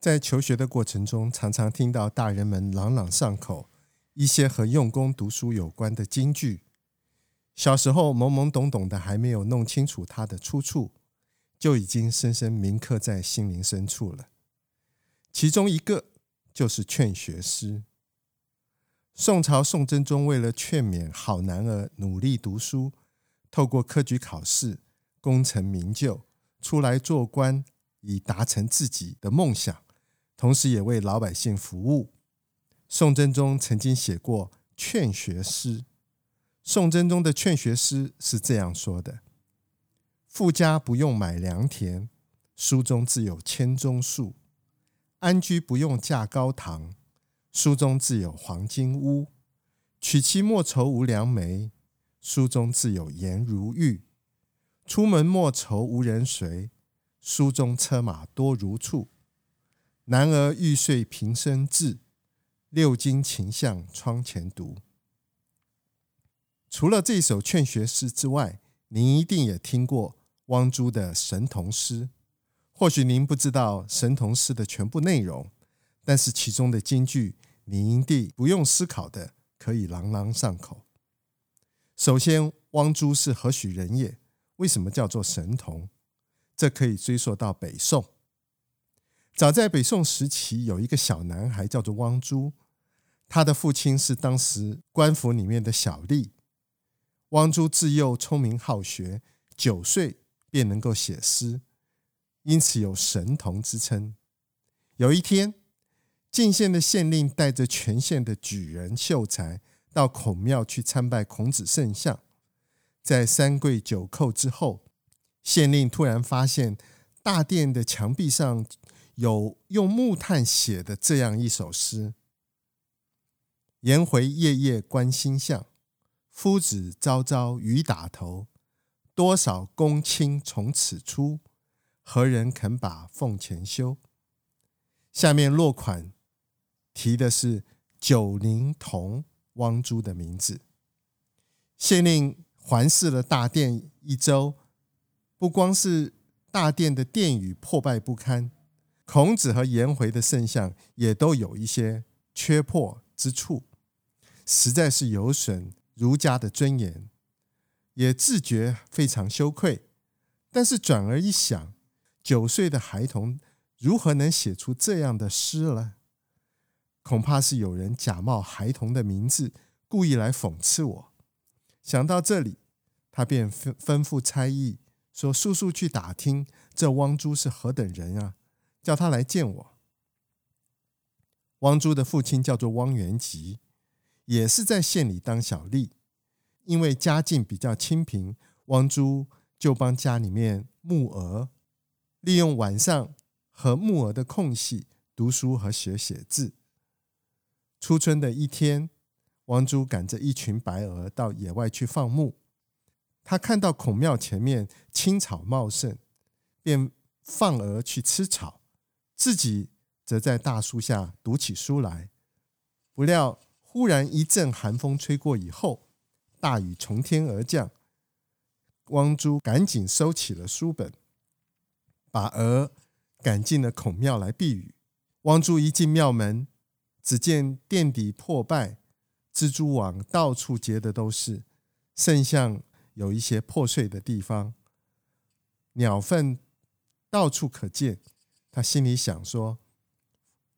在求學的過程中，常常聽到大人們朗朗上口一些和用功讀書有關的金句。小時候懵懵懂懂的，還沒有弄清楚它的出處，就已經深深銘刻在心靈深處了。其中一個就是《勸學詩》。宋朝宋真宗為了勸勉好男兒努力讀書，透過科舉考試，功成名就，出來做官，以達成自己的夢想。同時也為老百姓服務。宋真宗曾經寫過《勸學詩》，宋真宗的《勸學詩》是這樣說的：“富家不用買良田，書中自有千鍾粟；安居不用架高堂，書中自有黃金屋；娶妻莫愁無良媒，書中自有顏如玉；出門莫愁無人隨，書中車馬多如簇。”男兒欲遂平生志，六經勤向窗前讀。除了這首《勸學詩》之外，您一定也聽過汪洙的《神童詩》。或許您不知道《神童詩》的全部內容，但是其中的金句，您一定不用思考的，可以朗朗上口。首先，汪洙是何許人也？為什麼叫做神童？這可以追溯到北宋。早在北宋時期，有一個小男孩叫做汪洙，他的父親是當時官府裡面的小吏。汪洙自幼聰明好學，九歲便能夠寫詩，因此有神童之稱。有一天，進縣的縣令帶着全縣的舉人秀才到孔廟去參拜孔子聖像，在三跪九叩之後，縣令突然發現大殿的牆壁上，有用木炭寫的這樣一首詩：“顏回夜夜觀星象，夫子朝朝雨打頭。多少公卿從此出，何人肯把俸錢修？”下面落款提的是九齡童汪洙的名字。縣令環視了大殿一周，不光是大殿的殿宇破敗不堪。孔子和顏回的聖像也都有一些缺破之處，實在是有損儒家的尊嚴，也自覺非常羞愧。但是轉而一想，九歲的孩童如何能寫出這樣的詩呢？恐怕是有人假冒孩童的名字，故意來諷刺我。想到這裡，他便吩吩咐差役說：“速速去打聽這汪洙是何等人啊！”叫他來見我。汪洙的父親叫做汪元吉，也是在縣裡當小吏。因為家境比較清貧，汪洙就幫家裡面牧鵝，利用晚上和牧鵝的空隙讀書和學寫字。初春的一天，汪洙趕着一群白鵝到野外去放牧，他看到孔廟前面青草茂盛，便放鵝去吃草。自己則在大樹下讀起書來，不料忽然一陣寒風吹過以後，大雨從天而降。汪洙趕緊收起了書本，把鵝趕進了孔廟來避雨。汪洙一進廟門，只見殿底破敗，蜘蛛網到處結的都是，聖像有一些破碎的地方，鳥糞到處可見。他心裡想說：“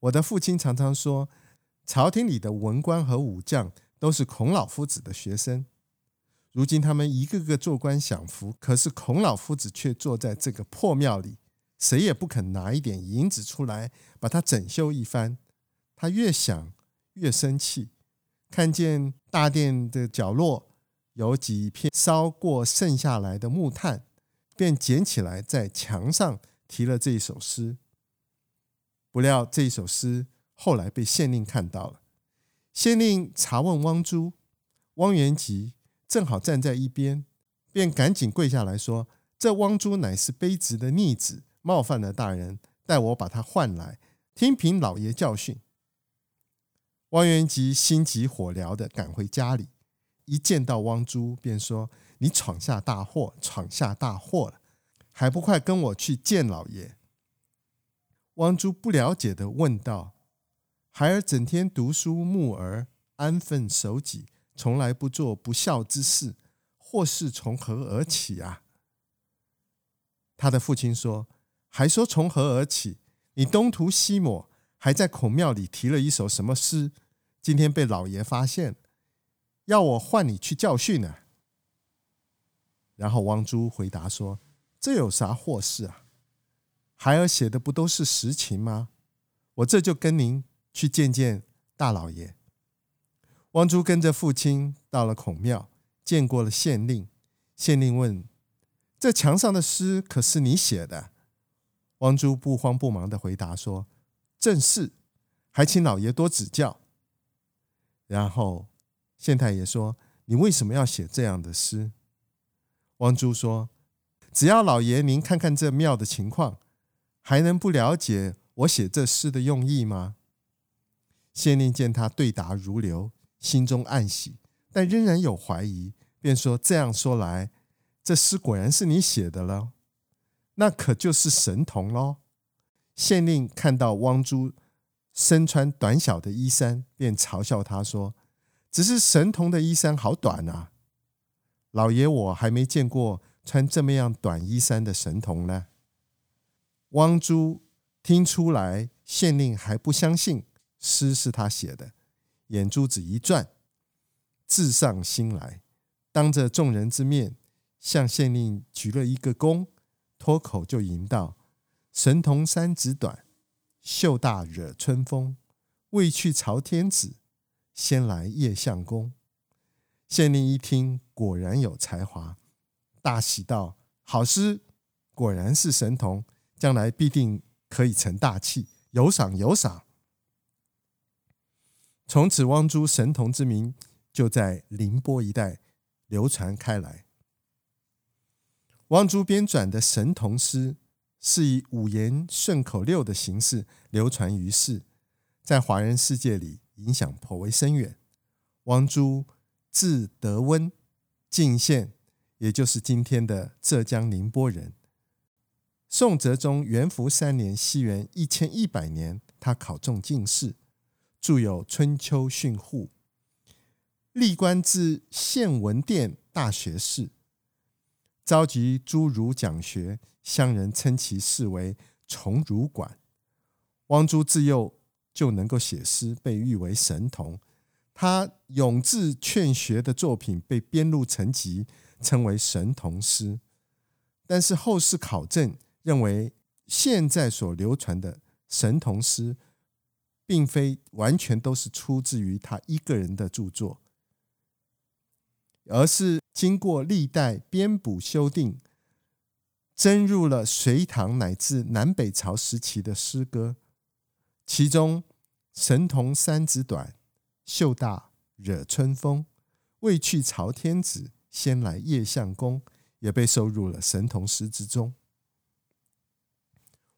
我的父親常常說，朝廷裡的文官和武將都是孔老夫子的學生。如今他們一個個做官享福，可是孔老夫子卻坐在這個破廟裡，誰也不肯拿一點銀子出來把他整修一番。他越想越生氣，看見大殿的角落有幾片燒過剩下來的木炭，便撿起來在牆上。”提了這一首詩，不料這一首詩後來被縣令看到了。縣令查問汪洙，汪元吉正好站在一邊，便趕緊跪下來說：“這汪洙乃是卑職的逆子，冒犯了大人，待我把他喚來，聽憑老爺教訓。”汪元吉心急火燎地趕回家裡，一見到汪洙，便說：“你闖下大禍，闖下大禍了。”還不快跟我去見老爺！汪洙不了解地問道：“孩兒整天讀書木兒，安分守己，從來不做不孝之事，禍事從何而起啊？”他的父親說：“還說從何而起？你東塗西抹，還在孔廟裡提了一首什麼詩？今天被老爺發現，要我喚你去教訓呢。”然後汪洙回答說。這有啥禍事啊？孩兒寫的不都是實情嗎？我這就跟您去見見大老爺。汪洙跟着父親到了孔廟，見過了縣令。縣令問：“這牆上的詩可是你寫的？”汪洙不慌不忙地回答說：“正是，還請老爺多指教。”然後縣太爺說：“你為什麼要寫這樣的詩？”汪洙說：只要老爺您看看這廟的情況，還能不了解我寫這詩的用意嗎？縣令見他對答如流，心中暗喜，但仍然有懷疑，便說：“這樣說來，這詩果然是你寫的了，那可就是神童嘍。”縣令看到汪洙身穿短小的衣衫，便嘲笑他說：“只是神童的衣衫好短啊，老爺我還沒見過。”穿這麼樣短衣衫的神童呢？汪洙聽出來縣令還不相信詩是他寫的，眼珠子一轉，計上心來，當着眾人之面向縣令鞠了一個躬，脫口就吟道：“神童衫子短，袖大惹春風。未去朝天子，先來謁相公。”縣令一聽，果然有才華。大喜道：“好詩，果然是神童，將來必定可以成大器，有賞有賞。”從此，汪洙神童之名就在寧波一帶流傳開來。汪洙編撰的神童詩是以五言順口溜的形式流傳於世，在華人世界裡影響頗為深遠。汪洙字德溫，涇縣。也就是今天的浙江寧波人，宋哲宗元符三年（西元一千一百年），他考中進士，著有《春秋訓詁》，歷官至縣文殿大學士，召集諸儒講學，鄉人稱其是為“崇儒館”。汪洙自幼就能夠寫詩，被譽為神童。他《詠志勸學》的作品被編入成集。稱為《神童詩》，但是後世考證認為，現在所流傳的《神童詩》並非完全都是出自於他一個人的著作，而是經過歷代編補修訂，增入了隋唐乃至南北朝時期的詩歌，其中“神童衫子短，袖大惹春風，未去朝天子。”先來，謁相公，也被收入了神童詩之中。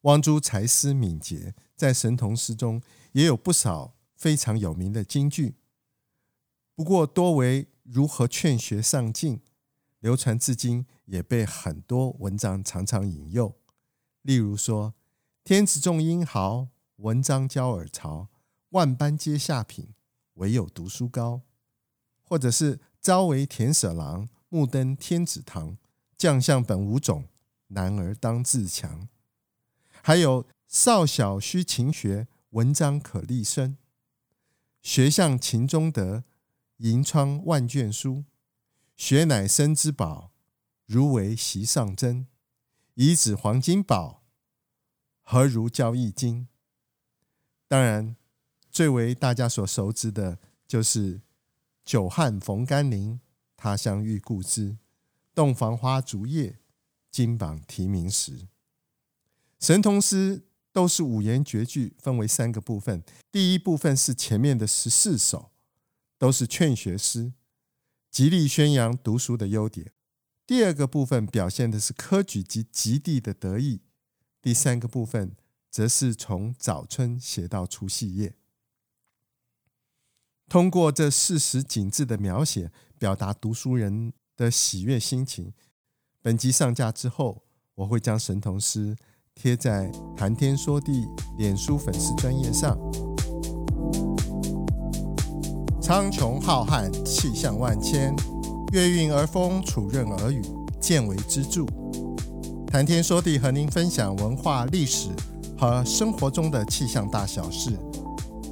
汪洙才思敏捷，在神童詩中也有不少非常有名的金句。不過多為如何勸學上進，流傳至今，也被很多文章常常引用。例如說：“天子重英豪，文章教爾曹，萬般皆下品，唯有讀書高。”或者是。朝為田舍郎，暮登天子堂。將相本無種，男兒當自強。還有少小須勤學，文章可立身。學向勤中得，螢窗萬卷書。學乃身之寶，儒為席上珍。遺子黃金寶，何如教一經？當然，最為大家所熟知的就是。久旱逢甘霖，他鄉遇故知，洞房花燭夜，金榜題名時。神童詩都是五言絕句，分為三個部分。第一部分是前面的十四首，都是勸學詩，極力宣揚讀書的優點。第二個部分表現的是科舉及及第的得意。第三個部分則是從早春寫到除夕夜。通過這四時景致的描寫，表達讀書人的喜悅心情。本集上架之後，我會將神童詩貼在談天說地臉書粉絲專頁上。蒼穹浩瀚，氣象萬千，月暈而風，礎潤而雨，見微知著。談天說地，和您分享文化、歷史和生活中的氣象大小事。